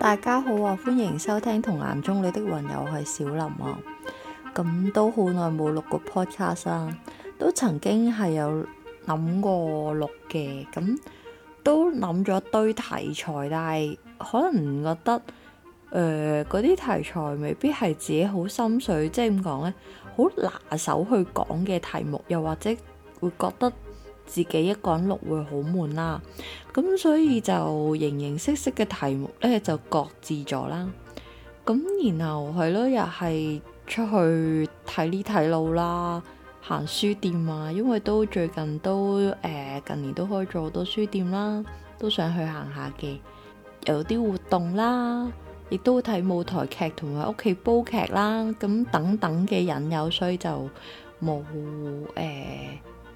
大家好啊，歡迎收聽《同眼中你的雲》，我係小林啊。咁都好耐冇錄過 podcast 啦，都曾經係有諗過錄嘅，咁都諗咗一堆題材，但係可能覺得誒嗰啲題材未必係自己好心水，即係點講呢？好拿手去講嘅題目，又或者會覺得。自己一個人錄會好悶啦，咁所以就形形色色嘅題目咧就擱置咗啦。咁然後係咯，又係出去睇呢睇路啦，行書店啊，因為都最近都誒、欸、近年都開咗好多書店啦，都想去行下嘅。有啲活動啦，亦都睇舞台劇同埋屋企煲劇啦，咁等等嘅引誘，所以就冇誒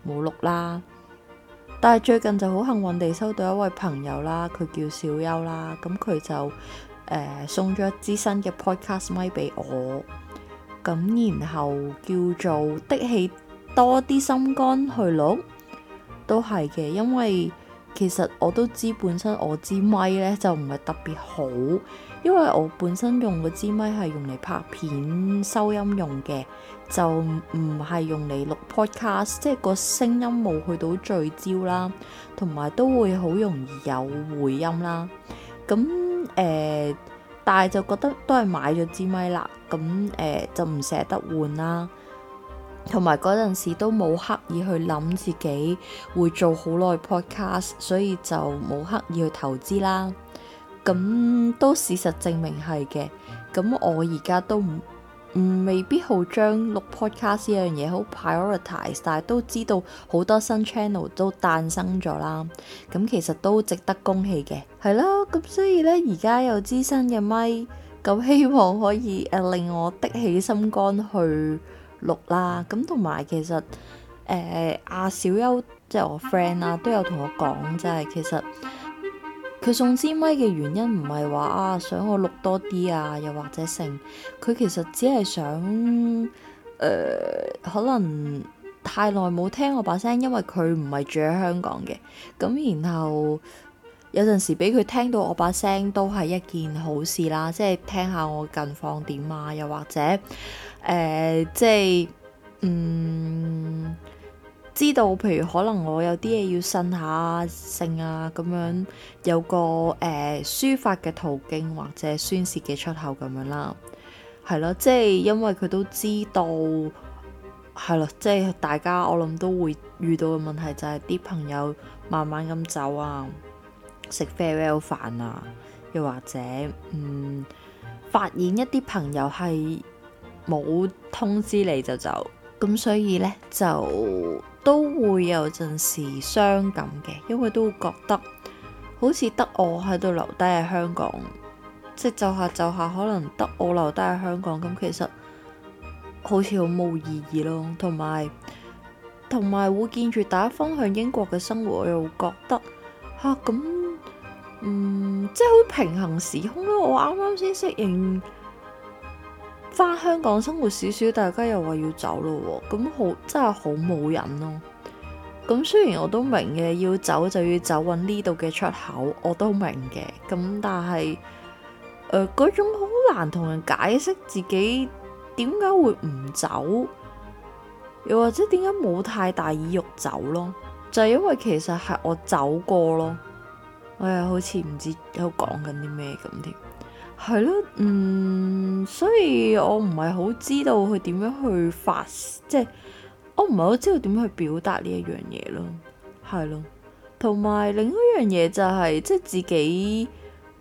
冇錄啦。但係最近就好幸運地收到一位朋友啦，佢叫小優啦，咁佢就誒、呃、送咗支新嘅 podcast 麥俾我，咁然後叫做的起多啲心肝去錄，都係嘅，因為。其實我都知本身我支咪咧就唔係特別好，因為我本身用個支咪係用嚟拍片收音用嘅，就唔係用嚟錄 podcast，即係個聲音冇去到聚焦啦，同埋都會好容易有回音啦。咁誒、呃，但係就覺得都係買咗支咪啦，咁誒、呃、就唔捨得換啦。同埋嗰陣時都冇刻意去諗自己會做好耐 podcast，所以就冇刻意去投資啦。咁都事實證明係嘅。咁我而家都唔唔未必好將錄 podcast 呢樣嘢好 p r i o r i t i z e，但係都知道好多新 channel 都誕生咗啦。咁其實都值得恭喜嘅，係咯。咁所以呢，而家有支深嘅咪，咁希望可以誒、啊、令我的起心肝去。錄啦，咁同埋其實誒阿、呃、小優即係我 friend 啦、啊，都有同我講，就係其實佢送支咪嘅原因唔係話啊想我錄多啲啊，又或者成，佢其實只係想誒、呃、可能太耐冇聽我把聲，因為佢唔係住喺香港嘅，咁然後。有陣時俾佢聽到我把聲都係一件好事啦，即係聽下我近況點啊，又或者誒、呃，即係嗯，知道譬如可能我有啲嘢要呻下、性啊咁樣，有個誒抒發嘅途徑或者宣泄嘅出口咁樣啦，係咯，即係因為佢都知道，係咯，即係大家我諗都會遇到嘅問題就係啲朋友慢慢咁走啊。食 farewell 飯啊，又或者嗯，發現一啲朋友係冇通知你就走，咁，所以咧就都會有陣時傷感嘅，因為都會覺得好似得我喺度留低喺香港，即、就、係、是、就下就下可能得我留低喺香港，咁其實好似好冇意義咯，同埋同埋會見住打方向英國嘅生活，我又覺得吓咁。啊嗯，即係好平衡時空咯。我啱啱先適應翻香港生活少少，大家又話要走咯，咁好真係好冇癮咯。咁雖然我都明嘅，要走就要走，搵呢度嘅出口，我都明嘅。咁但係，誒、呃、嗰種好難同人解釋自己點解會唔走，又或者點解冇太大意欲走咯。就係、因為其實係我走過咯。我又好似唔知又講緊啲咩咁添，係咯，嗯，所以我唔係好知道佢點樣去發，即係我唔係好知道點樣去表達呢一樣嘢咯，係咯，同埋另一樣嘢就係即係自己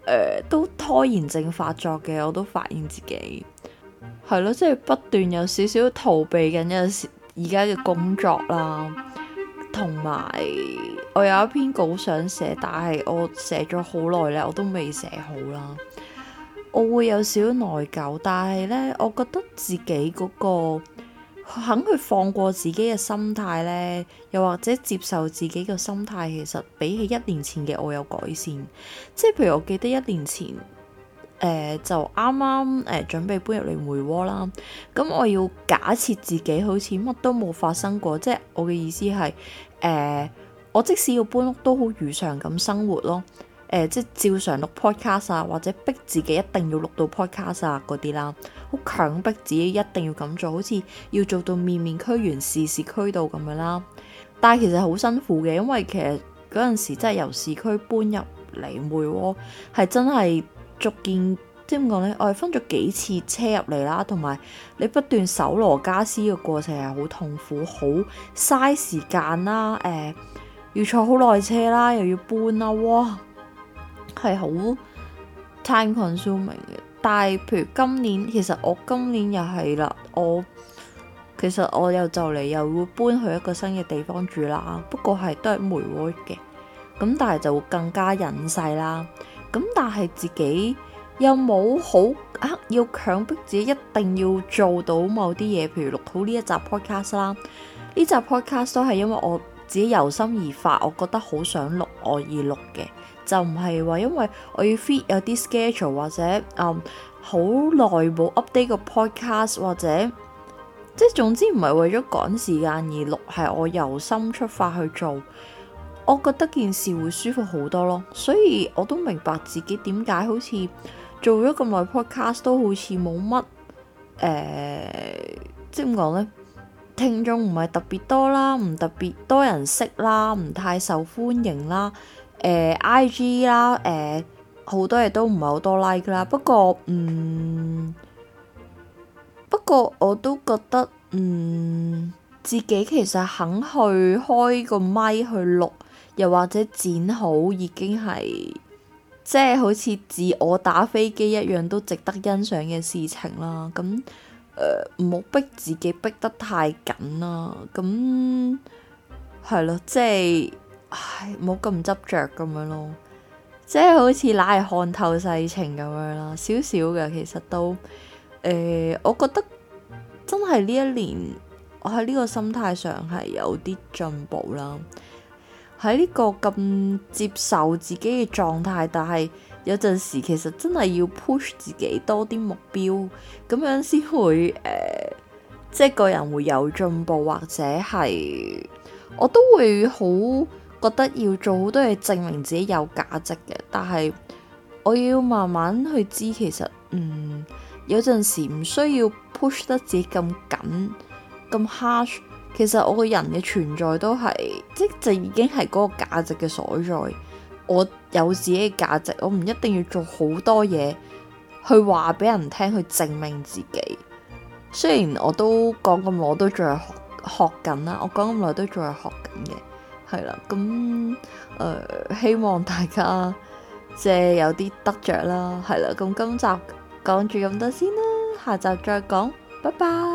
誒、都拖延症發作嘅，我都發現自己係咯，即係不斷有少少逃避緊有時而家嘅工作啦。同埋我有一篇稿想寫，但係我寫咗好耐咧，我都未寫好啦。我會有少少內疚，但係咧，我覺得自己嗰個肯去放過自己嘅心態咧，又或者接受自己嘅心態，其實比起一年前嘅我有改善。即係譬如我記得一年前。誒、呃、就啱啱誒準備搬入嚟梅窩啦。咁、嗯、我要假設自己好似乜都冇發生過，即係我嘅意思係誒、呃，我即使要搬屋都好，如常咁生活咯。誒、呃、即係照常錄 podcast 啊，或者逼自己一定要錄到 podcast 嗰、啊、啲啦，好強迫自己一定要咁做，好似要做到面面俱圓、事事俱到咁樣啦。但係其實好辛苦嘅，因為其實嗰陣時真係由市區搬入嚟梅窩係真係。逐件即係點講咧？我係分咗幾次車入嚟啦，同埋你不斷搜羅家私嘅過程係好痛苦，好嘥時間啦。誒、呃，要坐好耐車啦，又要搬啦，哇，係好 time consuming 嘅。但係譬如今年，其實我今年又係啦，我其實我又就嚟又會搬去一個新嘅地方住啦。不過係都係梅窩嘅，咁但係就會更加隱世啦。咁但係自己又冇好、啊、要強迫自己一定要做到某啲嘢，譬如錄好呢一集 podcast 啦，呢集 podcast 都係因為我自己由心而發，我覺得好想錄我而錄嘅，就唔係話因為我要 fit 有啲 schedule 或者啊 um, 好耐冇 update 個 podcast 或者即係總之唔係為咗趕時間而錄，係我由心出發去做。我覺得件事會舒服好多咯，所以我都明白自己點解好似做咗咁耐 podcast 都好似冇乜誒，即點講呢，聽眾唔係特別多啦，唔特別多人識啦，唔太受歡迎啦。誒、呃，IG 啦，誒、呃，好多嘢都唔係好多 like 啦。不過，嗯，不過我都覺得，嗯，自己其實肯去開個咪去錄。又或者剪好已經係，即係好似自我打飛機一樣，都值得欣賞嘅事情啦。咁誒，唔、呃、好逼自己逼得太緊啦。咁係咯，即係唔好咁執着咁樣咯。即係好似乃係看透世情咁樣啦，少少嘅其實都誒、呃，我覺得真係呢一年，我喺呢個心態上係有啲進步啦。喺呢個咁接受自己嘅狀態，但係有陣時其實真係要 push 自己多啲目標，咁樣先會誒，即、呃、係、即係、個人會有進步，或者係我都會好覺得要做好多嘢證明自己有價值嘅。但係我要慢慢去知，其實嗯有陣時唔需要 push 得自己咁緊咁 hard。其實我個人嘅存在都係，即就已經係嗰個價值嘅所在。我有自己嘅價值，我唔一定要做好多嘢去話俾人聽，去證明自己。雖然我都講咁耐，都仲係學緊啦。我講咁耐都仲係學緊嘅，係啦。咁誒、呃，希望大家即係有啲得着啦。係啦，咁今集講住咁多先啦，下集再講，拜拜。